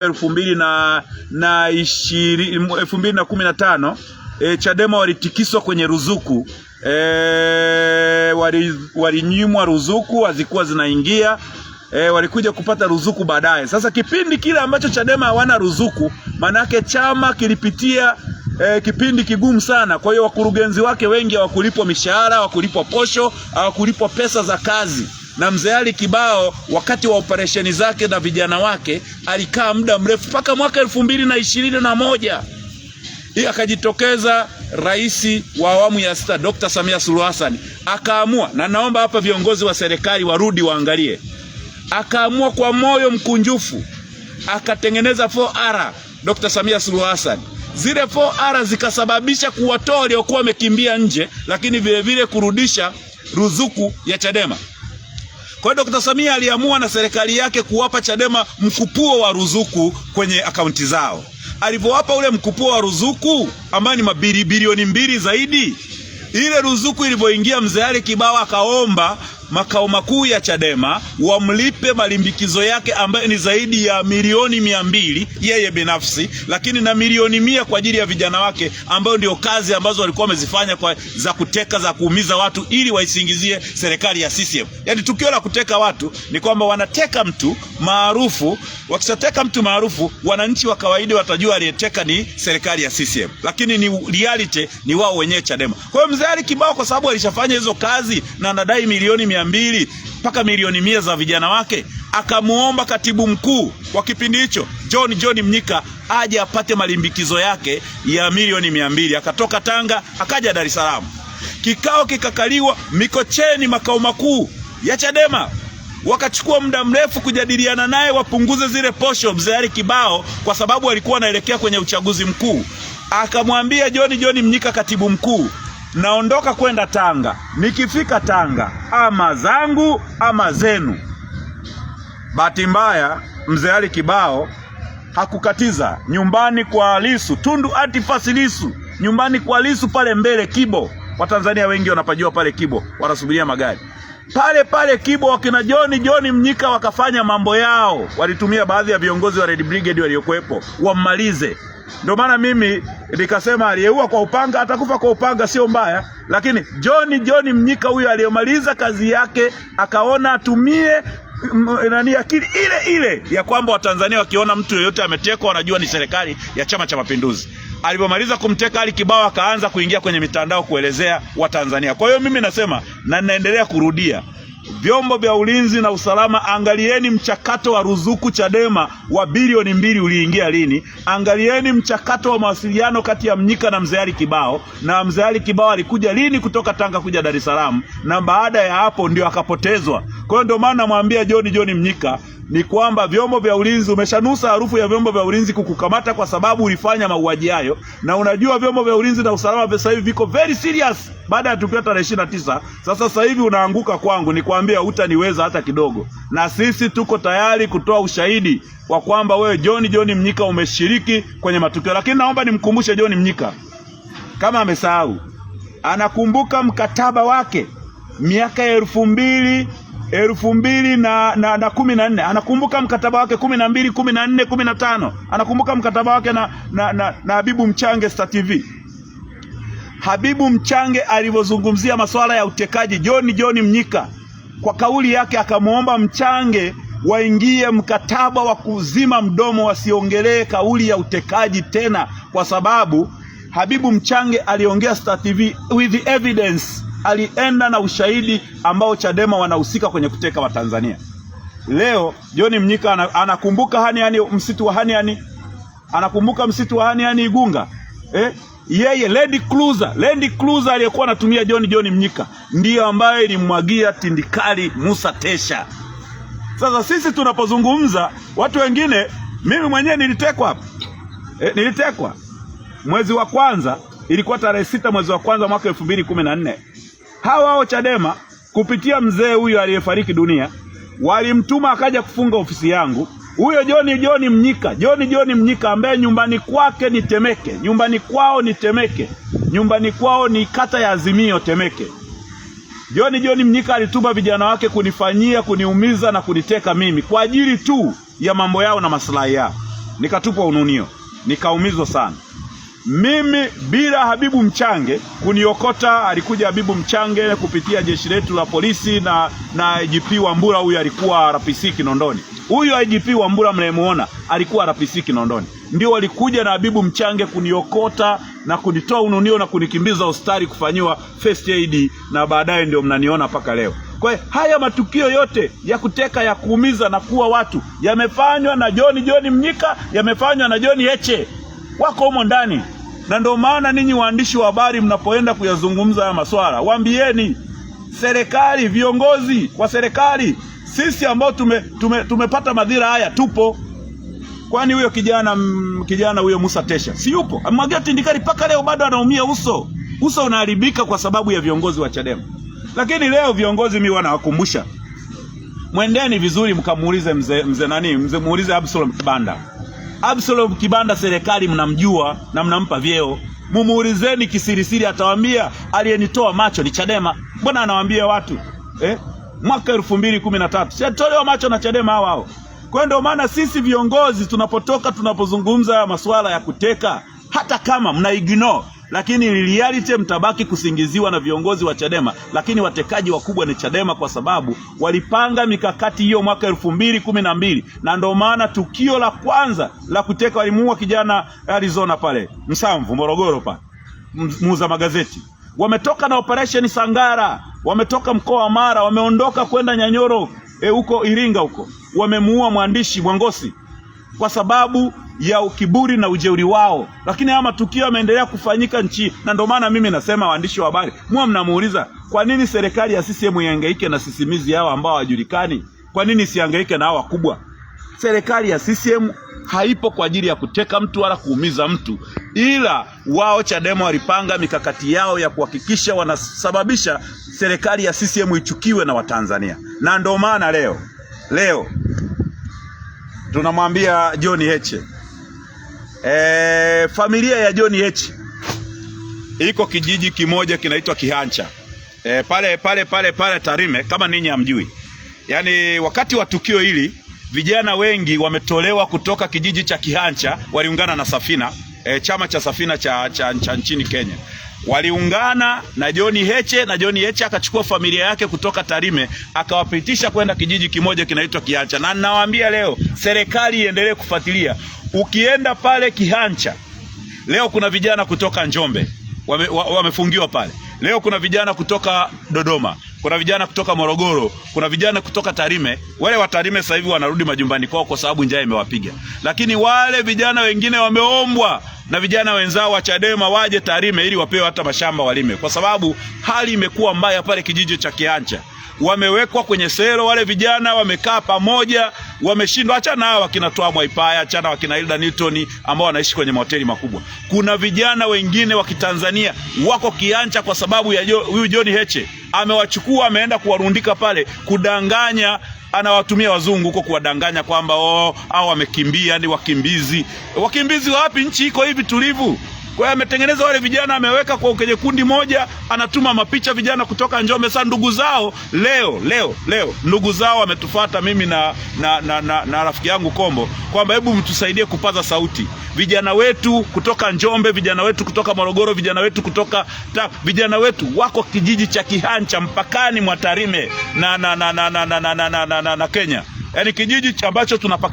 elfu mbili na, na ishirini elfu mbili na kumi na tano e, Chadema walitikiswa kwenye ruzuku e, walinyimwa ruzuku hazikuwa zinaingia e, walikuja kupata ruzuku baadaye. Sasa kipindi kile ambacho Chadema hawana ruzuku, manake chama kilipitia E, kipindi kigumu sana. Kwa hiyo wakurugenzi wake wengi hawakulipwa mishahara, hawakulipwa posho, hawakulipwa pesa za kazi na mzee Ali Kibao wakati wa operesheni zake na vijana wake alikaa muda mrefu mpaka mwaka elfu mbili na ishirini na moja hii akajitokeza rais wa awamu ya sita Dr. Samia Suluhu Hassan akaamua, na naomba hapa viongozi wa serikali warudi waangalie, akaamua kwa moyo mkunjufu akatengeneza 4R Dr. Samia Suluhu Hassan. Zile 4R zikasababisha kuwatoa waliokuwa wamekimbia nje, lakini vilevile kurudisha ruzuku ya Chadema. Kwa hiyo Dkt. Samia aliamua na serikali yake kuwapa Chadema mkupuo wa ruzuku kwenye akaunti zao. Alivyowapa ule mkupuo wa ruzuku ambayo ni mabilioni mbili zaidi ile ruzuku ilivyoingia mzee Ali Kibao akaomba makao makuu ya Chadema wamlipe malimbikizo yake ambayo ni zaidi ya milioni mia mbili yeye binafsi, lakini na milioni mia kwa ajili ya vijana wake, ambayo ndio kazi ambazo walikuwa wamezifanya kwa za kuteka za kuumiza watu ili waisingizie serikali ya CCM. Yaani tukio la kuteka watu ni kwamba wanateka mtu maarufu, wakishateka mtu maarufu, wananchi wa kawaida watajua aliyeteka ni serikali ya CCM, lakini ni reality ni wao wenyewe Chadema. Kwa hiyo mzee Ali Kibao kwa sababu alishafanya hizo kazi na anadai milioni mia mbili mpaka milioni mia za vijana wake, akamwomba katibu mkuu wa kipindi hicho John John Mnyika aje apate malimbikizo yake ya milioni mia mbili. Akatoka Tanga akaja Dar es Salaam, kikao kikakaliwa Mikocheni, makao makuu ya Chadema wakachukua muda mrefu kujadiliana naye wapunguze zile posho mzee Ali Kibao, kwa sababu alikuwa anaelekea kwenye uchaguzi mkuu. Akamwambia John John Mnyika, katibu mkuu, naondoka kwenda Tanga. Nikifika Tanga, ama zangu ama zenu. Bahati mbaya mzee Ali Kibao hakukatiza nyumbani kwa Lisu, Tundu Antipas Lisu, nyumbani kwa Lisu pale mbele Kibo. Watanzania wengi wanapajua pale Kibo, wanasubiria magari pale pale Kibo. Wakina John John Mnyika wakafanya mambo yao, walitumia baadhi ya viongozi wa Red Brigade waliokuwepo wammalize. Ndio maana mimi nikasema aliyeua kwa upanga atakufa kwa upanga, sio mbaya. Lakini John John Mnyika huyo aliyemaliza kazi yake akaona atumie mm, nani akili ile ile ya kwamba Watanzania wakiona mtu yeyote ametekwa wanajua ni serikali ya Chama cha Mapinduzi. Alipomaliza kumteka Ali Kibao akaanza kuingia kwenye mitandao kuelezea Watanzania. Kwa hiyo mimi nasema na ninaendelea kurudia Vyombo vya ulinzi na usalama, angalieni mchakato wa ruzuku Chadema wa bilioni mbili uliingia lini? Angalieni mchakato wa mawasiliano kati ya Mnyika na Mzee Ali Kibao, na Mzee Ali Kibao alikuja lini kutoka Tanga kuja Dar es Salaam, na baada ya hapo ndio akapotezwa. Kwa hiyo ndio maana namwambia John John Mnyika ni kwamba vyombo vya ulinzi, umeshanusa harufu ya vyombo vya ulinzi kukukamata kwa sababu ulifanya mauaji hayo, na unajua vyombo vya ulinzi na usalama vya sasa hivi viko very serious baada ya tukio tarehe ishirini na tisa. Sasa sasa hivi unaanguka kwangu, ni kwambia hutaniweza hata kidogo, na sisi tuko tayari kutoa ushahidi wa kwamba wewe John John Mnyika umeshiriki kwenye matukio. Lakini naomba nimkumbushe John Mnyika kama amesahau, anakumbuka mkataba wake miaka elfu mbili elfu mbili na, na, na kumi na nne anakumbuka mkataba wake kumi na mbili kumi na nne kumi na tano anakumbuka mkataba wake na, na, na, na Habibu Mchange Star TV. Habibu Mchange alivyozungumzia masuala ya utekaji John John Mnyika, kwa kauli yake akamwomba Mchange waingie mkataba wa kuzima mdomo, wasiongelee kauli ya utekaji tena, kwa sababu Habibu Mchange aliongea Star TV with evidence alienda na ushahidi ambao Chadema wanahusika kwenye kuteka Watanzania. Leo John Mnyika anakumbuka haniani msitu wa haniani anakumbuka msitu wa haniani Igunga eh? Yeye Land Cruiser, Land Cruiser aliyekuwa anatumia John John Mnyika ndiyo ambaye ilimwagia tindikali Musa Tesha. Sasa sisi tunapozungumza watu wengine, mimi mwenyewe nilitekwa hapo eh, nilitekwa mwezi wa kwanza, ilikuwa tarehe sita mwezi wa kwanza mwaka elfu mbili kumi na nne hawa hao Chadema kupitia mzee huyu aliyefariki dunia walimtuma akaja kufunga ofisi yangu huyo John John Mnyika, John John Mnyika ambaye nyumbani kwake ni Temeke, nyumbani kwao ni Temeke, nyumbani kwao ni kata ya Azimio Temeke. John John Mnyika alituma vijana wake kunifanyia, kuniumiza na kuniteka mimi kwa ajili tu ya mambo yao na maslahi yao, nikatupwa ununio, nikaumizwa sana. Mimi bila Habibu Mchange kuniokota, alikuja Habibu Mchange kupitia jeshi letu la polisi na na IGP Wambura, huyu alikuwa RPC Kinondoni. Huyu IGP Wambura mnayemuona alikuwa RPC Kinondoni, ndio walikuja na Habibu Mchange kuniokota na kunitoa ununio na kunikimbiza hospitali kufanyiwa first aid, na baadaye ndio mnaniona mpaka leo. Kwa haya matukio yote ya kuteka ya kuumiza na kuwa watu yamefanywa na John John Mnyika, yamefanywa na John Heche, wako humo ndani. Na ndio maana ninyi waandishi wa habari mnapoenda kuyazungumza haya maswala, waambieni serikali, viongozi wa serikali, sisi ambao tume, tume, tumepata madhira haya tupo. Kwani huyo kijana kijana huyo Musa Tesha si yupo? Amwagia tindikali mpaka leo bado anaumia uso, uso unaharibika kwa sababu ya viongozi wa Chadema. Lakini leo viongozi mi wanawakumbusha, mwendeni vizuri, mkamuulize mzee mzee nani, mzee muulize Absalom Kibanda. Absalom Kibanda, serikali mnamjua na mnampa vyeo, mumuulizeni kisirisiri, atawaambia aliyenitoa macho ni Chadema. Mbona anawaambia watu eh? Mwaka elfu mbili kumi na tatu siatolewa macho na Chadema hao hao. Kwa ndio maana sisi viongozi tunapotoka, tunapozungumza masuala ya kuteka, hata kama mna ignore lakini reality mtabaki kusingiziwa na viongozi wa Chadema, lakini watekaji wakubwa ni Chadema kwa sababu walipanga mikakati hiyo mwaka elfu mbili kumi na mbili na ndio maana tukio la kwanza la kuteka walimuua kijana Arizona pale Msamvu Morogoro pale muuza magazeti wametoka na operation Sangara, wametoka mkoa wa Mara, wameondoka kwenda Nyanyoro eh, huko e, Iringa huko, wamemuua mwandishi Mwangosi kwa sababu ya ukiburi na ujeuri wao, lakini haya matukio yameendelea kufanyika nchi, na ndio maana mimi nasema waandishi wa habari, mwa mnamuuliza kwa nini serikali ya CCM ihangaike na sisimizi yao ambao hawajulikani? Kwa nini isihangaike na hao wakubwa? Serikali ya CCM haipo kwa ajili ya kuteka mtu wala kuumiza mtu, ila wao Chadema walipanga mikakati yao ya kuhakikisha wanasababisha serikali ya CCM ichukiwe na Watanzania, na ndio maana leo leo tunamwambia John Heche E, familia ya John Heche iko kijiji kimoja kinaitwa Kihancha e, pale pale pale pale Tarime, kama ninyi hamjui. Yaani wakati wa tukio hili vijana wengi wametolewa kutoka kijiji cha Kihancha, waliungana na Safina e, chama cha Safina cha, cha, cha nchini Kenya waliungana na John Heche na John Heche akachukua familia yake kutoka Tarime akawapitisha kwenda kijiji kimoja kinaitwa Kihancha, na ninawaambia leo serikali iendelee kufuatilia Ukienda pale Kihancha leo kuna vijana kutoka Njombe wame, wamefungiwa pale. Leo kuna vijana kutoka Dodoma, kuna vijana kutoka Morogoro, kuna vijana kutoka Tarime. Wale wa Tarime sasa hivi wanarudi majumbani kwao kwa sababu njaa imewapiga, lakini wale vijana wengine wameombwa na vijana wenzao wa Chadema waje Tarime ili wapewe hata mashamba walime, kwa sababu hali imekuwa mbaya pale kijiji cha Kiancha. Wamewekwa kwenye sero wale vijana wamekaa pamoja wameshindwa. Achana hao wakina Toa Mwaipaya, achana wakina Hilda Newton ambao wanaishi kwenye mahoteli makubwa. Kuna vijana wengine wa Kitanzania wako kiancha kwa sababu ya huyu John Heche amewachukua, ameenda kuwarundika pale kudanganya anawatumia wazungu huko kuwadanganya kwamba oh, au wamekimbia ni wakimbizi. Wakimbizi wapi? Nchi iko hivi tulivu. Kwa hiyo ametengeneza wale vijana, ameweka kwa kwenye kundi moja, anatuma mapicha vijana kutoka Njombe. Sasa ndugu zao leo leo leo ndugu zao wametufata mimi na, na, na, na, na rafiki yangu Kombo kwamba hebu mtusaidie kupaza sauti vijana wetu kutoka Njombe, vijana wetu kutoka Morogoro, vijana wetu kutoka ta, vijana wetu wako kijiji cha Kihancha mpakani mwa Tarime na, na, na, na, na, na, na, na, na, na Kenya, yaani kijiji ambacho tunapaka